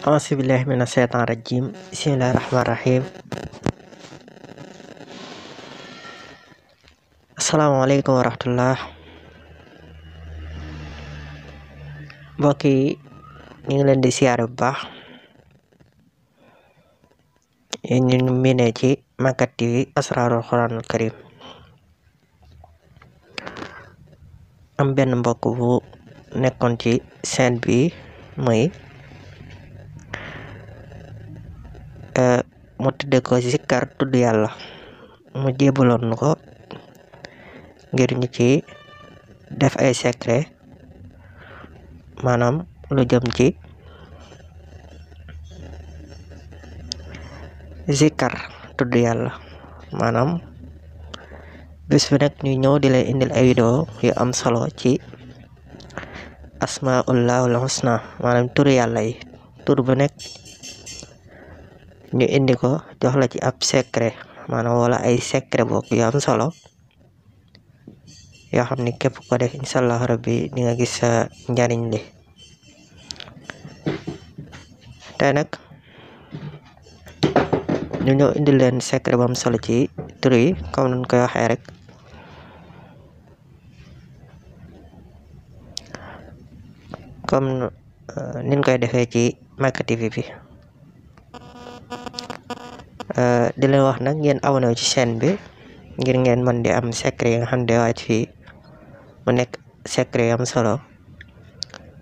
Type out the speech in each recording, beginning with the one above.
A'udzubillahi minasyaitonir rajim. Bismillahirrahmanirrahim. Assalamualaikum warahmatullahi Bagi yi ñu ngi leen di siyaare bu baax Maka di asrarul quranul karim Ambil benn mbokk bu nekkoon mai. ಮುಟ್ಟಿದ್ದಕ್ಕೋಸ್ಕರ ದುಡಿಯಲ್ಲ ಮುಜೇಬುಲನ್ನು ngir ñu ci def ay sekre manam lu jam ci zikar tu yàlla manam bis bi nag ñu ñëw di lay indil ay vidéo yu ya am solo ci asmaullahul husna maanaam turu yàlla yi eh. tur bu nekk ñu indi ko jox la ci ab secret maanaam wala ay secret bokk yu solo yoo xam ne képp ko def incha allah rabbi di nga gis njariñ li te nag ñu ñëw indi leen secret bu solo ci tur yi comme nuñ koy waxee rek comme euh, niñ koy defee ci Maka TV bi di leen wax nag ngeen abonné ci chaîne bi ngir ngeen mën di am secret yang nga xam ne waaj am solo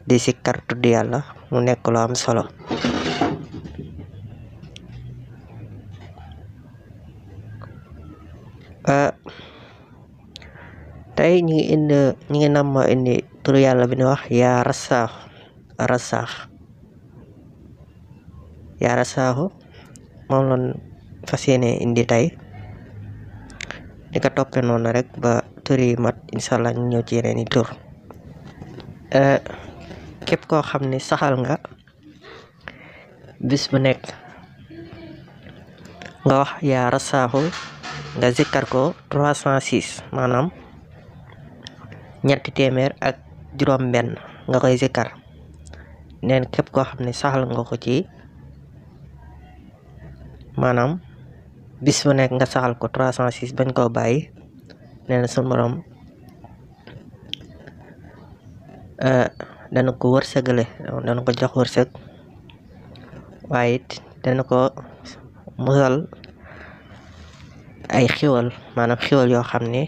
di si kartu mu am solo tey eh, tapi ini ini ñu ngi nam ma indi turu yàlla bi resah wax ya rasaax ya kasih in detail nekka noonu rek ba turi mat incha allah ñu ñëw ci yeneen i tur eh, képp koo xam saxal nga bis bu nekk nga wax yaa rasaahu nga zikkar ko 306 manam. ñetti téeméer ak juróom ben nga koy zikkar nen kep ko xam saxal nga ko ci manam bis bu nekk nga saxal ko 306 bañ koo bàyyi nee na sunu euh, dana ko wërsëgale dana ko jox wërsëg waaye it dana ko musal ay xiwal maanaam xiwal yoo xam ni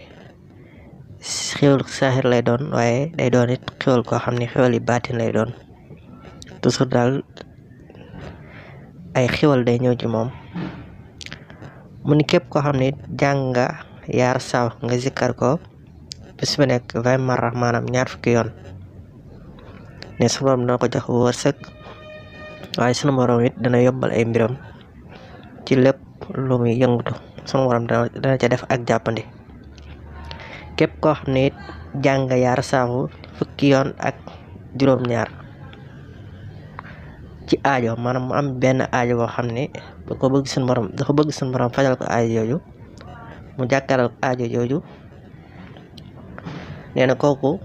xiwal saaxir lay doon waaye day doonit it xiwal koo xam ni xiwal yi baatin lay doon toujours daal ay xiwal day ñëw ci moom mu ni képp koo xam ne jàng nga yaar saw nga zikkar ko bis bu nekk vingt mara maanaam ñaar fukki yoon ne sunu borom dana ko jox wërsëg waaye sunu borom it dana yombal ay mbiram ci lépp lu muy yëngatu sunu dana dana ca def ak jàppandi képp koo xam ne it jàng nga yaar saawu fukki yoon ak juróom-ñaar ci aajo manam mu am benn aajo boo xam ne da ko bëgg suñu borom dafa bëgg suñu borom fajal ko aajo jooju mu jàkkaaral ko aajo jooju nee na kooku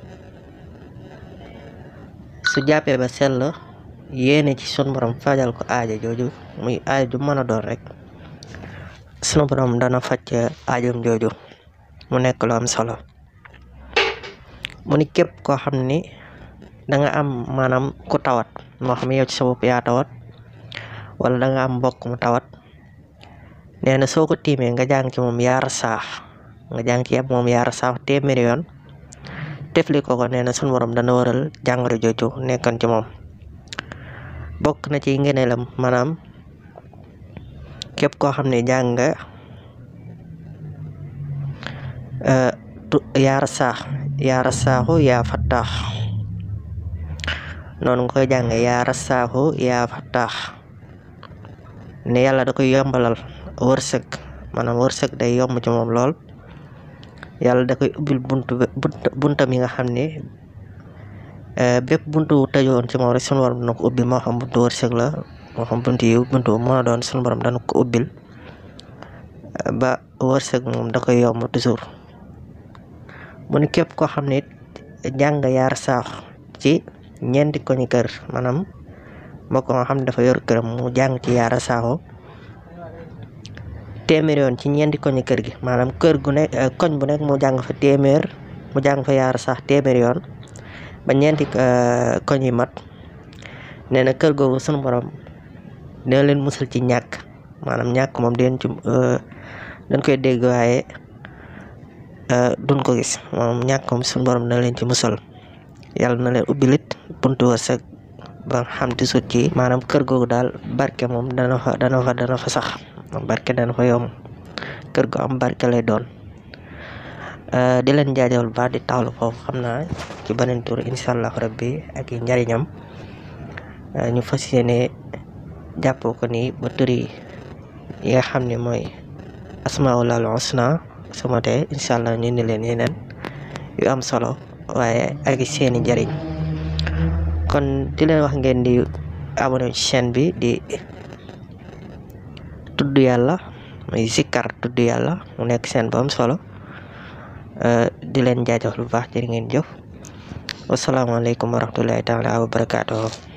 su jàppee ba sell yéene ci suñu borom fajal ko aajo jooju muy aajo ju mën a doon rek suñu borom dana faj aajoom jooju mu nekk lu am solo mu ni képp koo xam da nga am maanaam ku tawat moo xam yow ci sa bopp yaa tawat wala da am mbokk mu tawat nee na soo ko tiimee nga jàng ci moom yaar saax nga jàng ci yàpp moom yaar saax téeméeri yoon tefli ko na sunu borom dana waral jàngoro jooju nekkoon ci moom bokk na ci ngeneelam maanaam képp koo xam ne jàng nga euh, yaar saax yaar saaxu yaa fattaax non ko jang ya rasahu ya fatah ne yalla da koy yombalal wursak manam wursak day yomb ci mom lol yalla da koy ubil buntu buntam mi nga xamne euh bepp buntu tëjoon ci mom rek sun borom dana ko ubbil moo xam buntu wursak la mo xam buntu yu buntu mo na doon sun borom dan ko ubil ba wursak mom da koy yomb toujours mu ne ko koo xam ne jàng ci ñeenti koñu kër maanaam mbokk nga xam ne dafa yor këram mu jàng ci yaara saaxo téeméer yoon ci ñeenti koñu kër gi maanaam kër gu nekk euh, koñ bu nekk mu jàng fa téeméer mu jàng fa yaara saax yoon ba ñeenti euh, koñ yi mat nee na kër googu sunu borom dina leen musal ci ñàkk maanaam ñàkk moom den ci euh, dañ koy dégg waaye dun ko gis moom ñàkk moom sunu borom dina leen ci musal yàlla na leen ubbilit buntu sak ba xam te sut ci maanaam kër googu daal barke mom dana fa dana fa dana fa sax barke dana fa yom kër go am barke lay euh di len jajeul ba di tawlu foofu xamna ci benen tour inshallah allah rabbi ak ñariñam eh, ñu fas japp ko ni ba turi ya nga moy asmaul husna sama te inshallah ñu ni len yenen yu am solo waaye agi seeni jariñ kon di leen wax ngeen di abonné ci bi di tudd yàlla muy sikkar tudd yàlla mu nekk seen bu am solo euh, di leen jaajëf lu baax jërë ngeen jëf wasalaamaaleykum wa rahmatullahi taala wa barakaatuhu